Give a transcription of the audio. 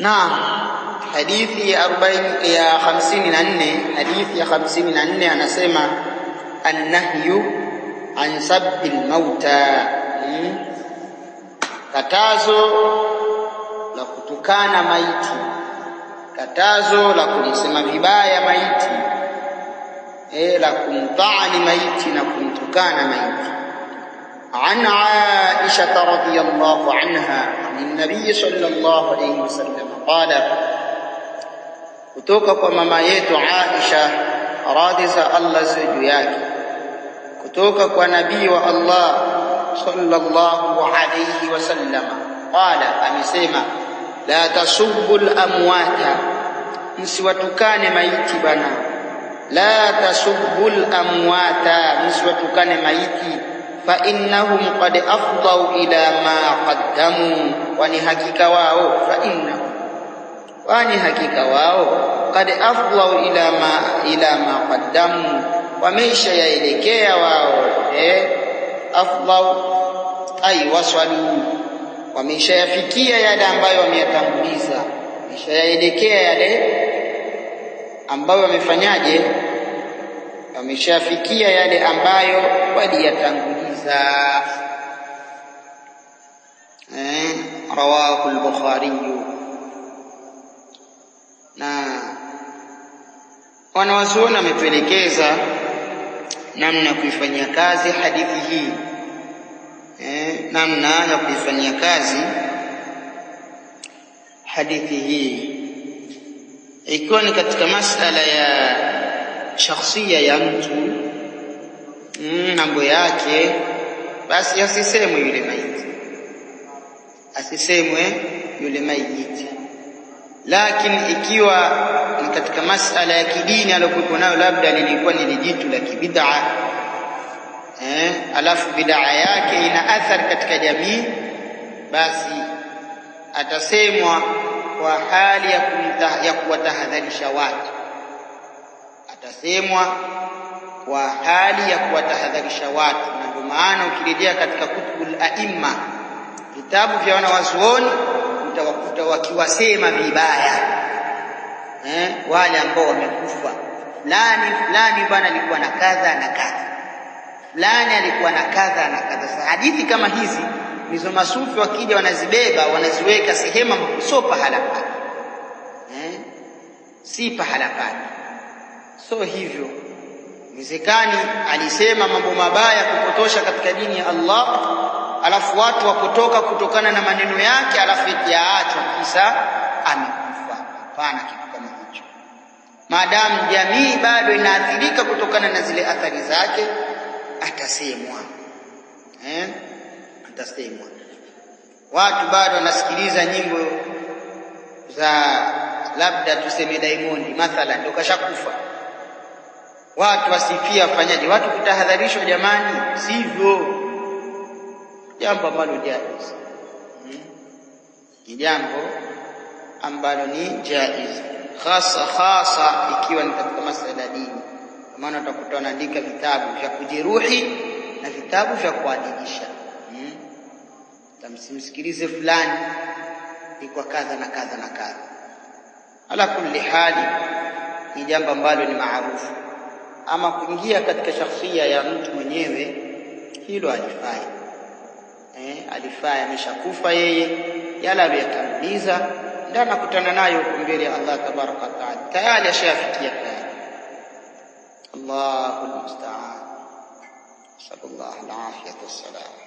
na hadithi ya 40 ya 54 hadithi ya 54 anasema annahyu an sabbil mauta, hmm? katazo la kutukana maiti, katazo la kumsema vibaya maiti, e, la kumtaani maiti na kumtukana maiti. an Aisha radhiyallahu anha an nabii sallallahu alayhi wasallam qala kutoka kwa mama yetu Aisha, radhi za Allah ziwe juu yake, kutoka kwa nabii wa Allah sallallahu alayhi wasallam, qala amesema, la tasubbu lamwata, msiwatukane maiti bana. La tasubbu lamwata, msiwatukane maiti fa innahum qad afdau ila ma qaddamu, kwani hakika wao fa inna kwani hakika wao kad afdau ila ma ila ma qaddamu, wameisha yaelekea wao eh, afdau ai wasalu, wameisha yafikia yale ambayo wameyatanguliza, wameisha yaelekea yale ambayo wamefanyaje, wameshafikia yale ambayo waliyatanguliza. Eh, rawahu al-Bukhari na wanawazuoni wametuelekeza namna ya kuifanyia kazi hadithi hii eh, namna ya kuifanyia kazi hadithi hii ikiwa ni katika masala ya shakhsia ya mtu mm, mambo yake, basi asisemwe yule maiti, asisemwe yule maiti. Lakini ikiwa ni katika masala ya kidini aliyokuwa nayo, labda lilikuwa ni jitu la kibida eh, alafu bidaa yake ina athari katika jamii, basi atasemwa kwa hali ya, ya kuwatahadharisha watu, atasemwa kwa hali ya kuwatahadharisha watu. Na ndio maana ukirejea katika kutubul aimma, vitabu vya wanawazuoni utawakuta wakiwasema vibaya eh, wale ambao wamekufa, fulani fulani bwana alikuwa na kadha na kadha, fulani alikuwa na kadha na kadha. Sasa hadithi kama hizi nizo masufi wakija wanazibeba wanaziweka sehemu ambapo sio pahala pake eh, si pahala pake. So hivyo mwezekani alisema mambo mabaya kupotosha katika dini ya Allah alafu watu wapotoka kutokana na maneno yake, alafu yaachwa kisa amekufa. Hapana kitu kama hicho, maadamu jamii bado inaathirika kutokana na zile athari zake, atasemwa eh? Atasemwa. Watu bado wanasikiliza nyimbo za labda tuseme Diamond mathala, ndio kashakufa. Watu wasifia wafanyaje? Watu kutahadharishwa, jamani, sivyo jambo ambalo jaiz ni jambo ambalo ni jaiz hasa hasa ikiwa ni katika masuala ya dini. Kwa maana utakuta wanaandika vitabu vya kujeruhi na vitabu vya kuadilisha. Tamsimsikilize hmm? fulani ni kwa kadha na kadha na kadha. Ala kulli hali, ni jambo ambalo ni maarufu. Ama kuingia katika shakhsia ya mtu mwenyewe, hilo alifai eh, alifaa ameshakufa yeye, yala aliyotimiza ndio anakutana nayo mbele ya Allah tabaraka wa taala, tayari ashafikia tayari. Allahu almusta'an, nasalullah alafiyata wassalam.